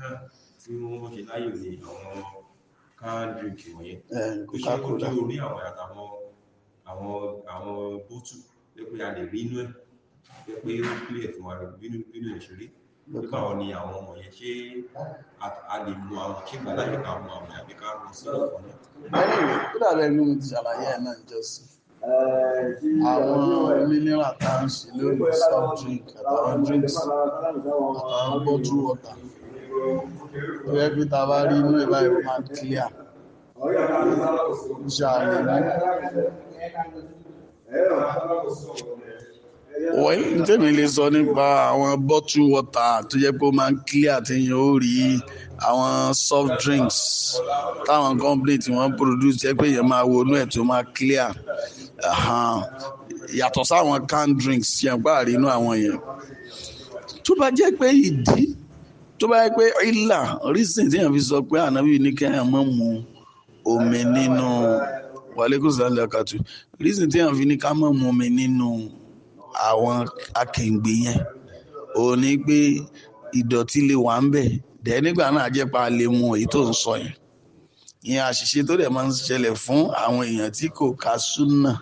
kan tí wọ́n ṣe láyò ní àwọn káàdìrìkì wọ̀nyẹn tó ṣe kó jẹ́ orí àwọn àtàwọn àwọn bótù lẹ́pẹ́ a lè rí inú ẹ̀ lẹ́pẹ́ ó kílẹ̀ fún wa bínú bínú ẹ̀ nípa wọn ni àwọn ọmọ yẹn ṣé a lè mú àwọn ṣé gbàdá yóò ká mú àwọn àbí ká mú sí ọ̀pọ̀ náà. kí ló dé lóhun ti ṣàlàyé ẹ̀ náà jọ́sí àwọn mineral tá a ń ṣe lórí soft drink àtàwọn drinks àtàwọn bottled water ìyẹ́ bí ta bá rí inú ìbá ìwọ̀n máa kílíà ṣàlẹ̀ ní wọ́n tẹ́mi lè sọ nípa àwọn bottle water tó jẹ́ pé ó máa ń clear tí yẹn ó rí àwọn soft drinks táwọn company tí wọ́n produce jẹ́ pé yẹn máa wọnú ẹ̀ tó máa clear yàtọ̀ sáwọn canned drinks yẹn gbáà rí inú àwọn yẹn tó bá jẹ́ pé ìdí tó bá yẹ pé ìlà reason tí èèyàn fi sọ pé ànábì ní kéèyàn má mu omi nínú wàlékún sàlẹ̀ àkàtù reason tí èèyàn fi ní ká má mu omi nínú àwọn akèǹgbè yẹn ò ní pé ìdọ̀tí lè wà ń bẹ̀ dẹ̀ nígbà náà jẹ́ pa lè mu èyí tó ń sọ yẹn ìyẹn àṣìṣe tó dẹ̀ máa ń ṣẹlẹ̀ fún àwọn èèyàn tí kò ka súnà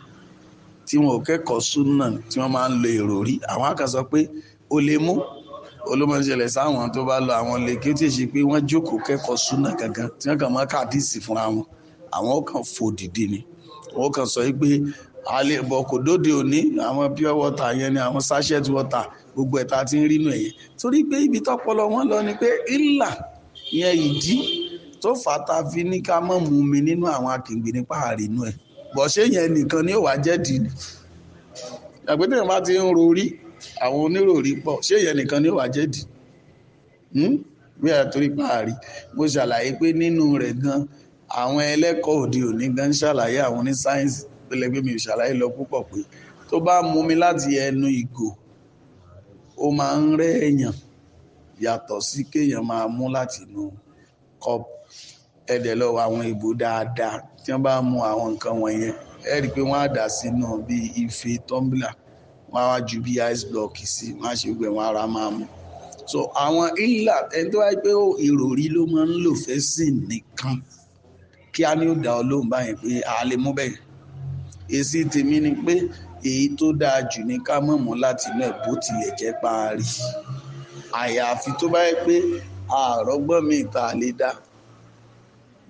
tí wọn ò kẹ́kọ̀ọ́ súnà tí wọ́n máa ń lo èrò rí àwọn àkàsọ pé o lè mú olómọ̀ṣẹ̀lẹ̀ sáwọn tó bá lọ àwọn lè kí ó ti ṣe pé wọ́n jókòó kẹ́kọ̀ọ́ súnà gangan tí wọ́n kàn máa kàdísì fúnra wọn àwọn kan fò dìde ni wọ́n kàn sọ pé alẹ́ bọ̀ kò dóde òní àwọn pure water yẹn ni àwọn sachet water gbogbo ẹ̀ta ti ń rínú ẹ̀yẹ torí pé ibi tọ́pọlọ wọn lọ ni pé ìlà yẹn ìdí tó fàtà fi ní ká mọ̀ mú mi nínú àwọn akègbè nípa àrínú ẹ̀ bọ̀ ṣé yẹn nìkan ni ó wàá jẹ́ dì ní àgbẹ̀tẹ̀ àwọn oníròrí pọ̀ ṣé ìyẹn nìkan ní wàá jẹ́dì hmm? bí àtúrí páàrí mo ṣàlàyé pé nínú rẹ̀ gan àwọn ẹlẹ́kọ̀ọ́ òde òní gan ṣàlàyé àwọn ní sáyẹ́ǹsì pẹlẹgbẹ́ mi ò ṣàlàyé lọ púpọ̀ pé tó bá mú mi láti ẹnu ìgò ó máa ń rẹ́ èèyàn yàtọ̀ sí kéèyàn máa mú láti inú kọ́ọ̀pù ẹ̀dẹ̀ lọ́wọ́ àwọn ìbò dáadáa tí wọ́n bá mú àwọn nǹkan wọ̀nyẹn ẹ pé wọ́n á dà sínú bíi ife tọ́ḿbìlà wọ́n á wá ju bí ice block sí wọ́n á ṣe gbẹ̀ wọ́n ara máa mú so àwọn ilà ẹni tó wáyé pé ó ìròrí ló máa ń lò fẹ́ sí nìkan kí á ní ó dá ọlọ́run báyìí pé a lè mú bẹ́ẹ̀ èsì tèmi ni pé èyí tó dáa jù ní ká mọ̀mọ́ láti náà bó tilẹ̀ jẹ́ parí àyàfi tó bá yẹ pé àrọ́gbọ́n mi ta lè dá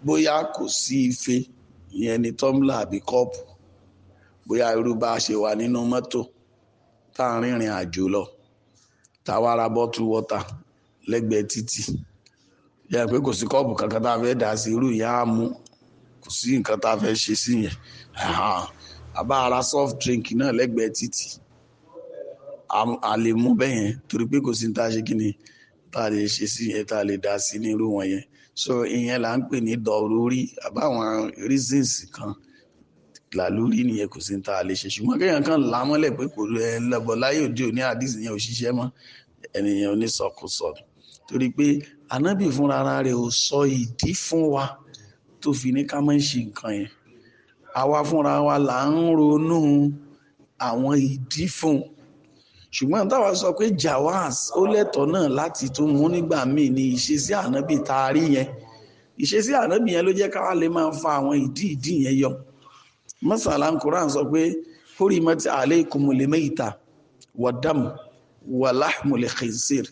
bóyá kò sí ife ìyẹn ni tọ́ḿlà àbí kọ́ọ̀pù bóyá irú bá a ṣe wà nínú mọ́tò tá à ń rìnrìn àjò lọ tá a wá ra bottle water lẹ́gbẹ̀ẹ́ títì yẹ pé kò sí kọ́ọ̀bù kankan tá a fẹ́ dà sí irú ìyá àmú kò sí nǹkan tá a fẹ́ ṣe sí yẹn àbá ara soft drink náà lẹ́gbẹ̀ẹ́ títì a lè mú bẹ́ẹ̀ yẹn torí pé kò sí tá a ṣe kí ni tá a lè ṣe sí yẹn tá a lè dà sí ní irú wọn yẹn so ìyẹn là ń pè ní dọ̀rúrí àbáwọn reasons kan là lórí nìyẹn kò sí ní ta lè ṣe ṣùgbọ́n kéèyàn kan là á mọ́lẹ̀ pé kò ẹ lọ́bọ̀ láyé òde òní àdìsí yẹn ò ṣiṣẹ́ mọ́ ẹnìyẹn onísọkúsọ torí pé ànábì fúnra rẹ̀ ò sọ ìdí fún wa tó fi ní ká má ṣe nǹkan yẹn àwa fúnra wa là ń ronú àwọn ìdí fún ṣùgbọ́n táwa sọ pé jawaz ó lẹ́tọ̀ọ́ náà láti tún mú nígbà míì ní ìṣesí ànábì taari yẹn ìṣesí ànábì yẹn ló jẹ́ káwa lè máa fa àwọn ìdí ìdí yẹn yọ masala Quran sọ pé hurimat alaykumul mayta wàdàm wàláhùmùlẹ̀ khinsir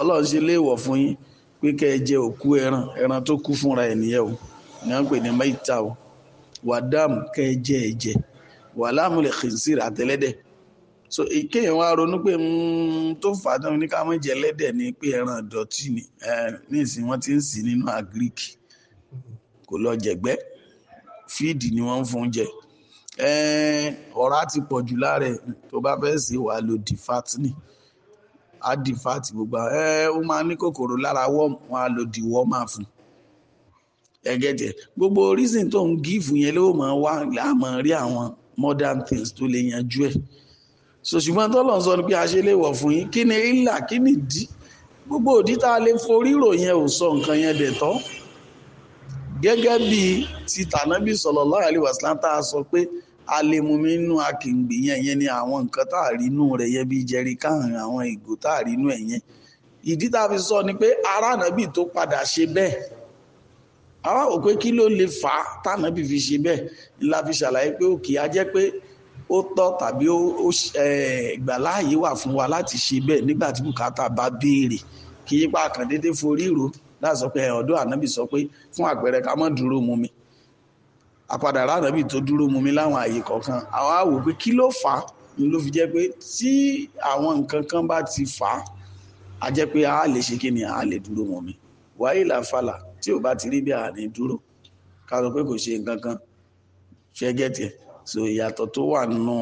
ọlọ́run ṣe léèwọ̀ fún yín pé kẹ́ ẹ jẹ òkú ẹran ẹran tó kú fúnra ẹ̀ nìyẹn o ní wọ́n pè ní mayta o wàdàm kẹ́ ẹ jẹ ẹ̀jẹ̀ wàláhùmùlẹ̀ khinsir àtẹlẹ́dẹ̀ so kéèyàn wá ronú pé hmm, tó fà á tán ní ká mọ̀ jẹ ẹlẹ́dẹ̀ ni pé ẹran ìdọ̀tí ni ní ìsìn wọn ti ń sìn nínú agric kò lọ jẹ̀gbẹ́ fíìdì ni wọ́n ń fún jẹ ọ̀rá ti pọ̀ jù lára ẹ̀ tó bá fẹ́ ṣe wàá lo difatini á difati gbogbo ó máa ní kòkòrò lára wọ́ọ̀mù wọn á lo diwọ́ máa fún ẹgẹ́jẹ̀ gbogbo reason tó ń gífù yẹn ló máa wá láàmọ́ rí àwọn modern things tó lè yanjú ẹ̀ so ṣùgbọ́n tọ́lọ̀ ń sọ ni pé a ṣe lè wọ̀ fún yín kí ni ìlà kí ni ìdí gbogbo òdí tá a lè forí ròyìn ẹ̀ ò sọ nǹkan yẹn dẹ̀ tán gẹ́gẹ́ bí ti tànábì sallallahu alaihi wasallam tá a sọ pé a lè mú mi nínú akíngbì yẹn yẹn ni àwọn nǹkan tá a rí inú rẹ̀ yẹn bí jẹrí káàrin àwọn ìgò tá a rí inú ẹ̀ yẹn ìdí tá a fi sọ ni pé ará ànábì tó padà ṣe bẹ́ẹ̀ àwa ò pé kí ló lè fà á tànábì fi ṣe bẹ́ẹ̀ ńlá fi ṣàlàyé pé òkè á jẹ́ pé ó tọ́ tàbí ìgbàláàyè wà fún wa láti ṣe bẹ́ẹ̀ nígbà tí bùkátà bá béèrè kì í pa àkàn dédé forí ìró láti sọ pé ọ̀dọ̀ ànábì sọ pé fún àpẹẹrẹ ká má dúró mu mi àpadà ránàbì tó dúró mu mi láwọn àyè kọ̀ọ̀kan àwọn àwò pé kí ló fà á ni ló fi jẹ́ pé tí àwọn nǹkan kan bá ti fà á a jẹ́ pé a lè ṣe kí ni a lè dúró mu mi wáyé làfàlà tí ò bá ti rí bí a ní dúró ká sọ pé kò ṣe nǹkan kan ṣe gẹ́tì so ìyàtọ̀ tó wà nù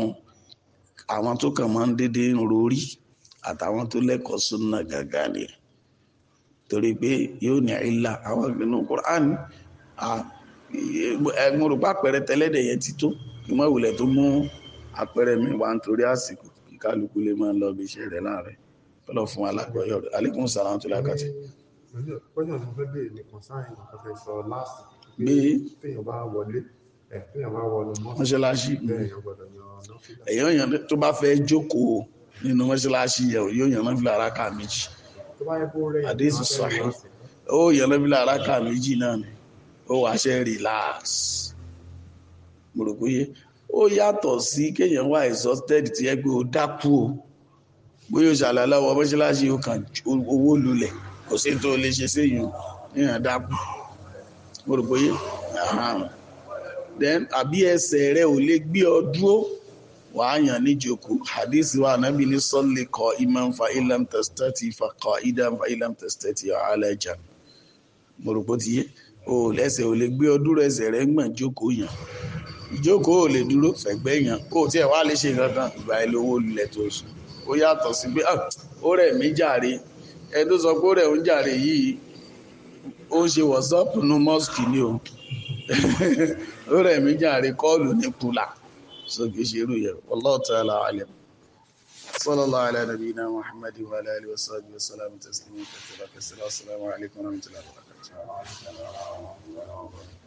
àwọn tó kàn máa ń dédé ń rorí àtàwọn tó lẹ́kọ̀ọ́ súnà gàgà nìyẹn torí pé yóò ní ìlà àwọn ìgbìnú Qur'an ẹgbùn rúpa àpẹẹrẹ tẹ́lẹ́dẹ̀ yẹn ti tó kí mọ́ ìwòlẹ̀ tó mú àpẹẹrẹ mi wá nítorí àsìkò kí kálukú lè máa lọ bí iṣẹ́ rẹ̀ láàrin tọ́lọ̀ fún alágbọ̀yọ̀ rẹ̀ alaikum salaam tó lákàtì. bí mọ́ṣáláṣí èèyàn tó bá fẹ́ jókòó nínú mọ́ṣáláṣí yẹn yóò yàn náà fi lára ká méjì àdéhùn sọ̀rọ̀ ó yẹ lọ́bílà aráka méjì náà ni ó wàá ṣe relax mo rò pé ó yàtọ̀ sí kéèyàn wà exhausted tí ẹ pé ó dákú o bóyá o ṣàlàyé ọwọ́ mọ́ṣáláṣí o kàn owó lulẹ̀ kò sí tó lè ṣe séyìn níyàn dákú mo rò pé then àbí ẹsẹ̀ rẹ ò lè gbé ọ dúró wàá yàn níjókòó hadith wa anabi ní sọ́ọ̀lì kọ imam fa ilam testati fa kọ idam fa ilam testati ọ̀hálẹ̀ jà mo rò pé ó ti yé o lẹ́sẹ̀ ò lè gbé ọdún rẹ̀ ẹsẹ̀ rẹ̀ ń gbọ̀n jókòó yàn ìjókòó ò lè dúró fẹ̀gbẹ́ yàn kó o tiẹ̀ wá lè ṣe nǹkan ìgbà ẹ̀ lówó lulẹ̀ tó sùn ó yàtọ̀ sí pé ah, ó rẹ̀ mí jàre ẹ tó sọ pé ó rẹ̀ ń jàre yìí ó ń ṣe wọ̀sọ́ọ̀pù nu mọ́sùkì ni o ó rẹ̀ mí jàre kọ́ọ̀lù ní kùlà والله تعالى أعلم صلى الله على نبينا محمد وعلى آله وصحبه وسلم تسليما كثيرا السلام عليكم ورحمة الله وبركاته